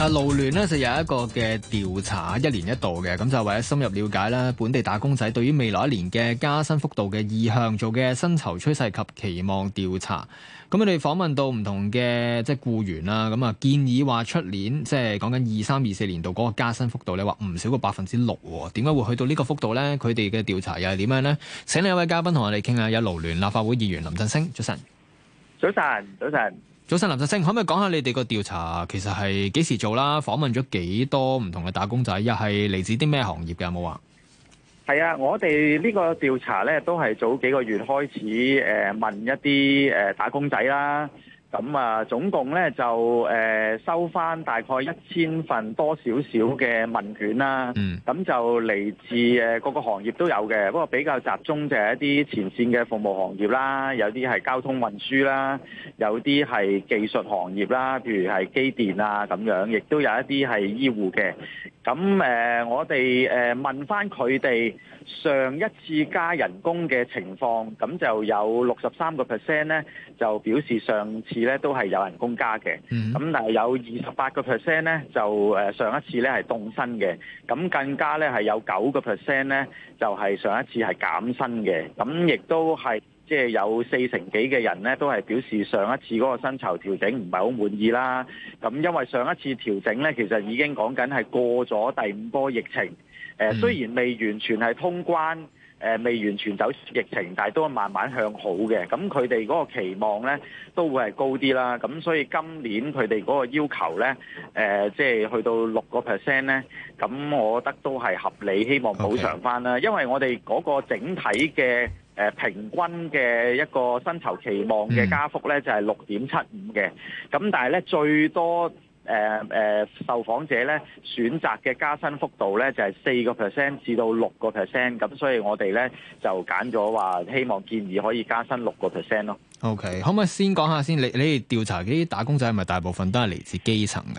啊勞聯呢就有一個嘅調查，一年一度嘅，咁就為咗深入了解啦，本地打工仔對於未來一年嘅加薪幅度嘅意向，做嘅薪酬趨勢及期望調查。咁我哋訪問到唔同嘅即係僱員啦，咁啊建議話出年即係講緊二三二四年度嗰個加薪幅度，你話唔少過百分之六喎。點解會去到呢個幅度呢？佢哋嘅調查又係點樣呢？請兩位嘉賓同我哋傾下，有勞聯立法會議員林振昇，早晨，早晨，早晨。早晨，林振昇，可唔可以講下你哋個調查其實係幾時做啦？訪問咗幾多唔同嘅打工仔，又係嚟自啲咩行業嘅？有冇啊？係啊，我哋呢個調查咧都係早幾個月開始，誒問一啲誒打工仔啦。咁啊，總共呢就誒、呃、收翻大概一千份多少少嘅問卷啦。咁、嗯、就嚟自誒各個行業都有嘅，不過比較集中就係一啲前線嘅服務行業啦，有啲係交通運輸啦，有啲係技術行業啦，譬如係機電啊咁樣，亦都有一啲係醫護嘅。咁誒、呃，我哋誒、呃、問翻佢哋上一次加人工嘅情況，咁就有六十三個 percent 咧，就表示上次咧都係有人工加嘅。咁但係有二十八個 percent 咧，就誒、呃、上一次咧係凍薪嘅。咁更加咧係有九個 percent 咧，就係、是、上一次係減薪嘅。咁亦都係。即係有四成幾嘅人咧，都係表示上一次嗰個薪酬調整唔係好滿意啦。咁因為上一次調整咧，其實已經講緊係過咗第五波疫情。呃、雖然未完全係通關、呃，未完全走疫情，但係都係慢慢向好嘅。咁佢哋嗰個期望咧都會係高啲啦。咁所以今年佢哋嗰個要求咧，呃、即係去到六個 percent 咧。咁我覺得都係合理，希望補償翻啦。Okay. 因為我哋嗰個整體嘅。誒平均嘅一個薪酬期望嘅加幅咧就係六點七五嘅，咁但係咧最多誒誒受訪者咧選擇嘅加薪幅度咧就係四個 percent 至到六個 percent，咁所以我哋咧就揀咗話希望建議可以加薪六個 percent 咯。OK，可唔可以先講下先？你你哋調查嗰啲打工仔係咪大部分都係嚟自基層㗎？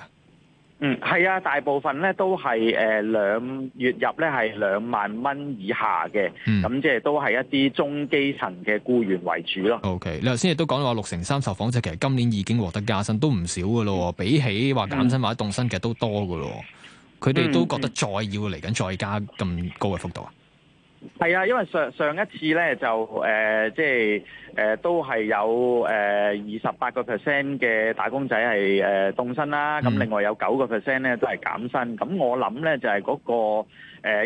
嗯，係啊，大部分咧都係誒、呃、兩月入咧係兩萬蚊以下嘅，咁即係都係一啲中基層嘅僱員為主咯。O、okay. K，你頭先亦都講到話六成三受訪者其實今年已經獲得加薪，都唔少嘅咯，比起話減薪或者凍薪，嗯，其實都多嘅咯。佢哋都覺得再要嚟緊再加咁高嘅幅度啊！係啊，因為上上一次咧就誒、呃，即係誒、呃、都係有誒二十八個 percent 嘅打工仔係誒、呃、凍薪啦，咁另外有九個、就是那個 percent 咧都係減薪。咁我諗咧就係嗰個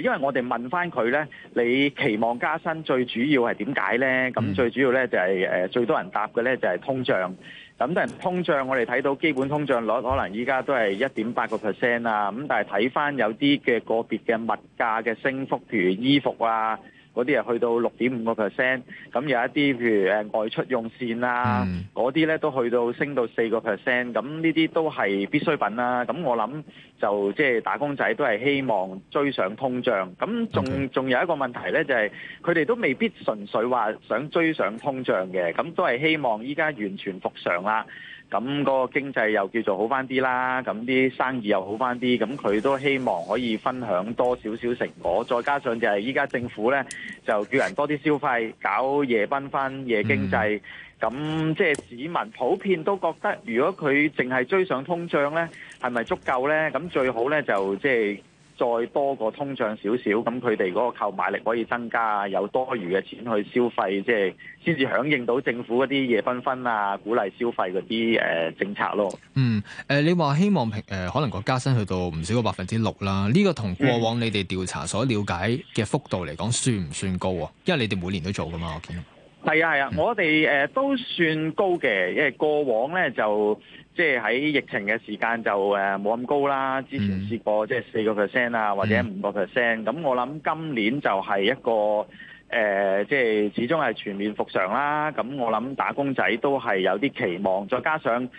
因為我哋問翻佢咧，你期望加薪最主要係點解咧？咁最主要咧就係、是、誒、呃、最多人答嘅咧就係、是、通脹。咁但係通脹，我哋睇到基本通脹率可能依家都係一點八個 percent 啊，咁但係睇返有啲嘅個別嘅物價嘅升幅，譬如衣服啊。嗰啲係去到六點五個 percent，咁有一啲譬如誒外出用膳啦、啊，嗰啲咧都去到升到四個 percent，咁呢啲都係必需品啦、啊。咁我諗就即係、就是、打工仔都係希望追上通脹，咁仲仲有一個問題咧，就係佢哋都未必純粹話想追上通脹嘅，咁都係希望依家完全復常啦。咁嗰個經濟又叫做好翻啲啦，咁啲生意又好翻啲，咁佢都希望可以分享多少少成果。再加上就係依家政府咧，就叫人多啲消費，搞夜繽紛夜經濟。咁即係市民普遍都覺得，如果佢淨係追上通脹咧，係咪足夠咧？咁最好咧就即係。再多過通脹少少，咁佢哋嗰個購買力可以增加啊，有多餘嘅錢去消費，即係先至響應到政府嗰啲夜繽紛啊，鼓勵消費嗰啲誒政策咯。嗯，呃、你話希望誒、呃、可能個加薪去到唔少、個百分之六啦，呢個同過往你哋調查所了解嘅幅度嚟講，算唔算高啊？因為你哋每年都做噶嘛，我見到。係啊係啊，我哋誒、呃、都算高嘅，因為過往呢，就即係喺疫情嘅時間就誒冇咁高啦。之前試過即係四個 percent 啊，或者五個 percent。咁我諗今年就係一個誒、呃，即係始終係全面復常啦。咁我諗打工仔都係有啲期望，再加上，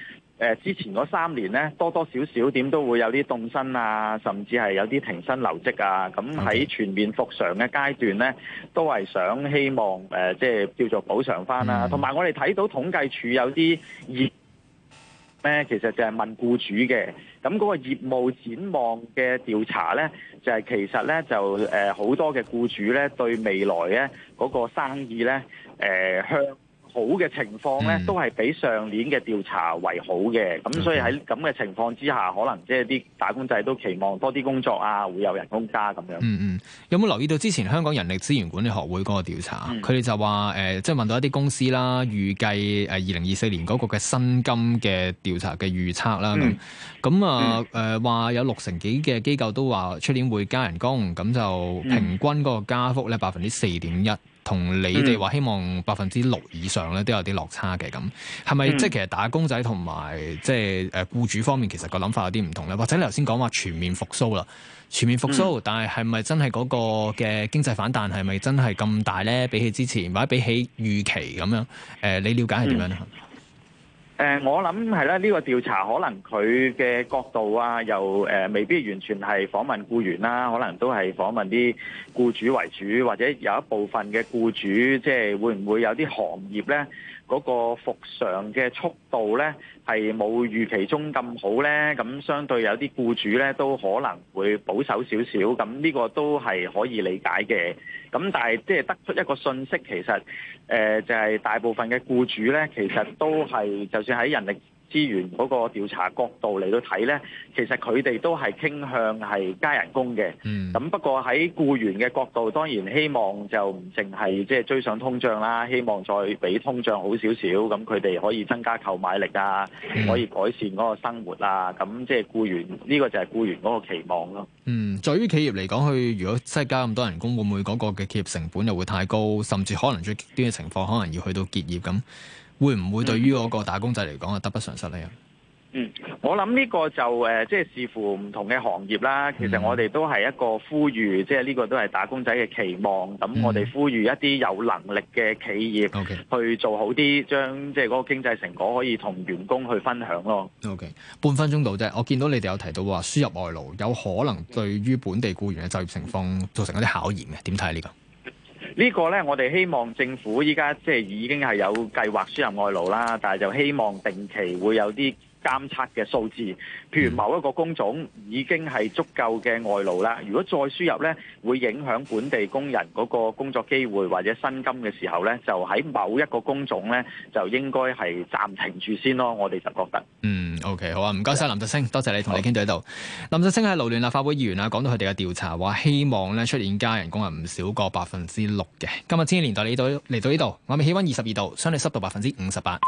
誒、呃、之前嗰三年咧，多多少少點都會有啲凍薪啊，甚至係有啲停薪留職啊。咁喺全面復常嘅階段咧，都係想希望即係、呃、叫做補償返啦。同、嗯、埋我哋睇到統計處有啲業呢，其實就係問僱主嘅。咁嗰個業務展望嘅調查咧，就係、是、其實咧就好、呃、多嘅僱主咧，對未來咧嗰、嗰個生意咧好嘅情況咧，都係比上年嘅調查為好嘅。咁、嗯、所以喺咁嘅情況之下，可能即係啲打工仔都期望多啲工作啊，會有人工加咁樣。嗯嗯，有冇留意到之前香港人力資源管理學會嗰個調查？佢、嗯、哋就話誒，即、呃、係、就係、問到一啲公司啦，預計誒二零二四年嗰個嘅薪金嘅調查嘅預測啦。咁咁啊誒，話、嗯呃、有六成幾嘅機構都話出年會加人工，咁就平均嗰個加幅咧百分之四點一。同你哋話希望百分之六以上咧，都有啲落差嘅。咁，係咪即係其實打工仔同埋即係誒僱主方面，其實個諗法有啲唔同咧？或者你頭先講話全面復甦啦，全面復甦，嗯、但係係咪真係嗰個嘅經濟反彈係咪真係咁大咧？比起之前或者比起預期咁樣、呃，你了解係點樣咧？嗯誒，我諗係啦，呢個調查可能佢嘅角度啊，又誒，未必完全係訪問僱員啦，可能都係訪問啲僱主為主，或者有一部分嘅僱主，即係會唔會有啲行業咧？嗰、那個復常嘅速度呢，係冇預期中咁好呢。咁相對有啲僱主呢，都可能會保守少少，咁呢個都係可以理解嘅。咁但係即係得出一個信息，其實誒、呃、就係、是、大部分嘅僱主呢，其實都係就算喺人力資源嗰個調查角度嚟到睇呢，其實佢哋都係傾向係加人工嘅。咁、嗯、不過喺僱員嘅角度，當然希望就唔淨係即係追上通脹啦，希望再俾通脹好少少，咁佢哋可以增加購買力啊，可以改善嗰個生活啊。咁即係僱員呢、呢個就係僱員嗰個期望咯。嗯，在於企業嚟講，佢如果真係加咁多人工，會唔會嗰個嘅企業成本又會太高，甚至可能最極端嘅情況，可能要去到結業咁？會唔會對於嗰個打工仔嚟講啊，得不償失呢？嗯，我諗呢個就誒，即係視乎唔同嘅行業啦。其實我哋都係一個呼籲，即係呢個都係打工仔嘅期望。咁、嗯、我哋呼籲一啲有能力嘅企業去做好啲，將即係嗰個經濟成果可以同員工去分享咯。O、okay. K，半分鐘到啫，我見到你哋有提到話輸入外勞有可能對於本地僱員嘅就業情況造成一啲考驗嘅，點睇呢個？呢個呢，我哋希望政府依家即係已經係有計劃輸入外勞啦，但係就希望定期會有啲監測嘅數字，譬如某一個工種已經係足夠嘅外勞啦。如果再輸入呢，會影響本地工人嗰個工作機會或者薪金嘅時候呢，就喺某一個工種呢，就應該係暫停住先咯。我哋就覺得。嗯，OK，好啊，唔該晒林振昇，多謝你同你傾到呢度。林振昇係勞聯立法會議員啊，講到佢哋嘅調查話，希望呢出年加人工啊，唔少過百分之六嘅。今日天氣年代，嚟到嚟到呢度，今日氣溫二十二度，相對濕度百分之五十八。